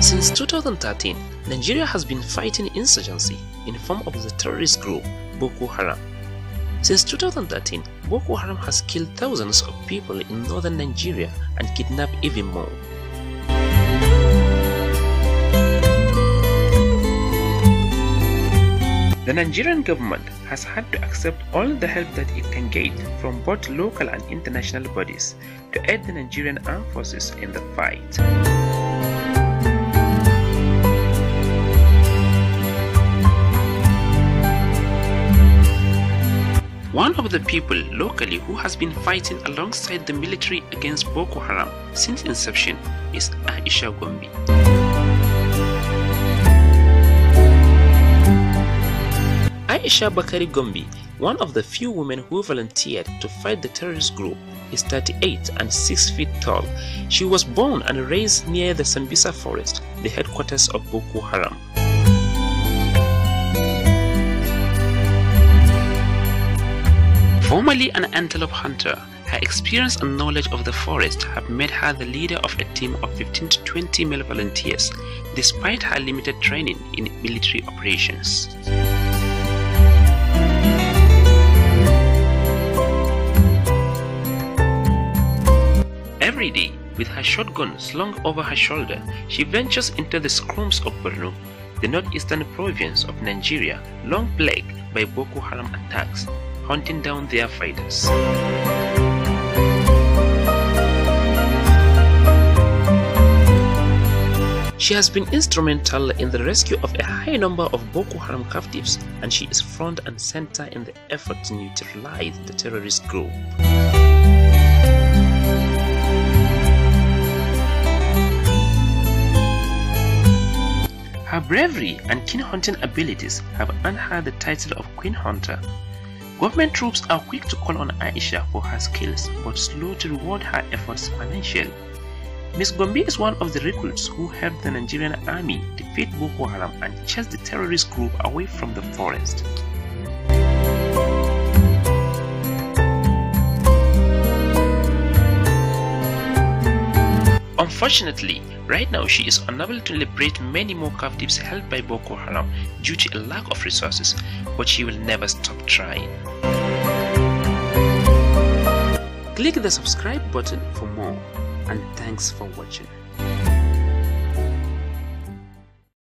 Since 2013, Nigeria has been fighting insurgency in form of the terrorist group Boko Haram. Since 2013, Boko Haram has killed thousands of people in northern Nigeria and kidnapped even more. The Nigerian government has had to accept all the help that it can get from both local and international bodies to aid the Nigerian armed forces in the fight. One of the people locally who has been fighting alongside the military against Boko Haram since inception is Aisha Gombi. Aisha Bakari Gombi, one of the few women who volunteered to fight the terrorist group, is 38 and 6 feet tall. She was born and raised near the Sambisa forest, the headquarters of Boko Haram. Formerly an antelope hunter, her experience and knowledge of the forest have made her the leader of a team of 15 to 20 male volunteers, despite her limited training in military operations. shotgun slung over her shoulder, she ventures into the scrums of Borno, the northeastern province of Nigeria, long plagued by Boko Haram attacks, hunting down their fighters. She has been instrumental in the rescue of a high number of Boko Haram captives and she is front and center in the effort to neutralize the terrorist group. bravery and keen hunting abilities have earned her the title of Queen Hunter. Government troops are quick to call on Aisha for her skills but slow to reward her efforts financially. Ms. Gombe is one of the recruits who helped the Nigerian army defeat Boko Haram and chase the terrorist group away from the forest. Unfortunately, right now she is unable to liberate many more captives held by Boko Haram due to a lack of resources, but she will never stop trying. Click the subscribe button for more and thanks for watching.